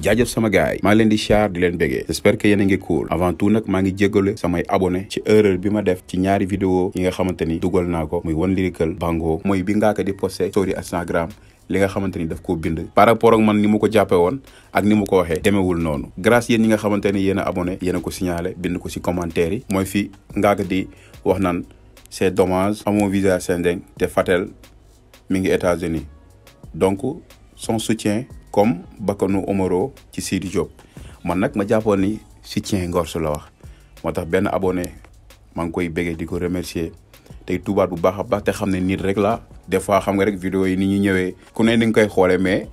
jaajëf sama gaay ma len di char di len bégee j'espère que yéen a ngi cool avant tout nak ma ngi jéggale samay abonné ci erreur bima def ci ñaari vidéo yi nga xamanteni dougal nako naa ko muy One Lyrical Bango mooy bi ka di poster story Instagram li nga xamanteni daf ko bind par rapport ak man ni mu ko jàppe ak ni ko waxee demewul grâce yene ñi nga xamanteni ni a abonné yéen a ko signaler bind ko ci commentaire moy fi fi ka di wax nan c'est dommage Amo visa Sendeng te Fatel mi ngi États-Unis donc son soutien comme Bakano Omaro ci Sidi Job man nak ma jàppoon ni ci soutien Ngorso la wax motax ben abonné mang koy béggee diko remercier tey Touba bu baax a té xamné nit rek la des fois xam nga rek vidéo yi ni ñi ñëwé ku né ni nga koy xolé mais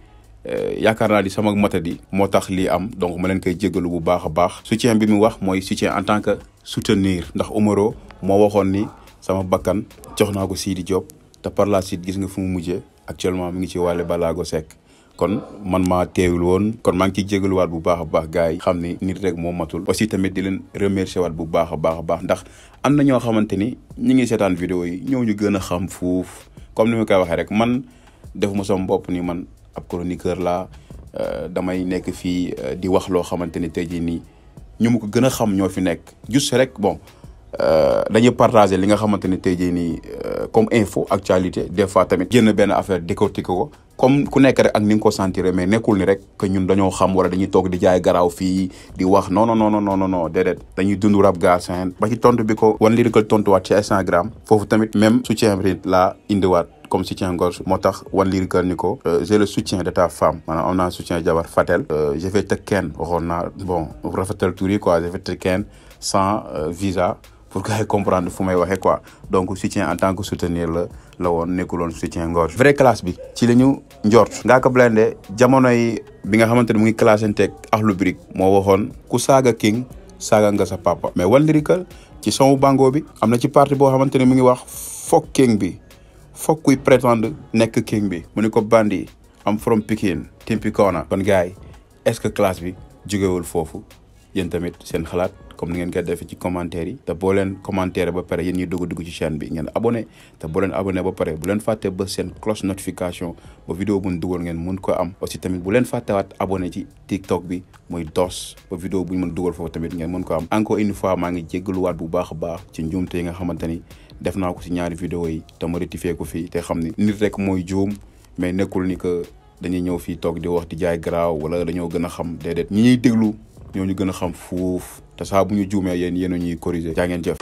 euh, yaakaar naa di sama matadi moo tax lii am donc ma leen koy jégalu bu baax a baax soutien bi mu wax mooy soutien en tant que soutenir ndax Omaro moo waxoon ni sama bakkan jox naa ko Sidi Diop te par la suite gis nga fu mu mujjee actuellement mi ngi ci Wally Balago Seck kon man maa teewul woon kon maa ngi ciy jégaluwaat bu baax a baax gars yi xam ni nit rek moo matul aussi tamit di leen remercier waat bu baax a baax a baax ndax am na ñoo xamante ni ñu ngi seetaan vidéo yi ñëw ñu gën a xam fuuf comme ni ma koy waxee rek man def ma sama bopp ni man ab chroniqueur laa euh, damay nekk fii euh, di wax loo xamante ni tey jii nii ñu ko gën a xam ñoo fi nekk juste rek bon euh, dañuy partager li nga xamante ni tey jii nii comme info actualité des fois tamit génn benn affaire décortiquer ko comme ku nek rek ak ni sentir mais nekul ni rek que ñun dañu xam wala dañuy tok di jaay garaw di wax non non non non non dañuy rap ba ci bi ko lyrical ci Instagram fofu tamit même soutien la comme soutien gorge motax lyrical niko euh, j'ai le soutien de ta femme maanaam soutien jabar Fatel euh, je vais te ken bon quoi je vais ken sans euh, visa pour que comprendre fumay waxé quoi donc soutien en tant que soutenir la la soutien gorge vrai classe bi ci la ñu nga Ngaaka Blindé jamono yi bi nga vous mu ngi Brick ku king Saga nga sa papa mais One ci vous bango bi amna ci parti bo ngi wax king bi prétendre nek king bi bandi am from Pikine Timpikona kon gars est-ce que classe bi fofu tamit sen xalat comme ni ngeen koy defee ci commentaire yi te boo leen commentaire ba pare yéen ñuy dugg dugg ci chaîne bi ngeen abonné te boo leen abonné ba pare bu leen fàtte ba seen cloche notification ba vidéo buñ dugal ngeen ko am aussi tamit bu leen fàttewaat abonné ci bi muy dos ba vidéo buñ mën dugal foofu tamit ngeen mun ko am encore une fois maa ngi jéggaluwaat bu baax a baax ci njuumte yi nga xamante ni def naa ko ci ñaari vidéo yi te ma rectifié ko fii te xam ni nit rek mooy juum mais nekkul ni que dañuy ñëw fii toog di wax di jaay garaaw wala dañoo gën a xam déedéet ñi ñuy déglu ñoo ñu gën a xam fuuf te saa bu ñu juumee yéen yéen ñuy corriger jaa ngeen jëf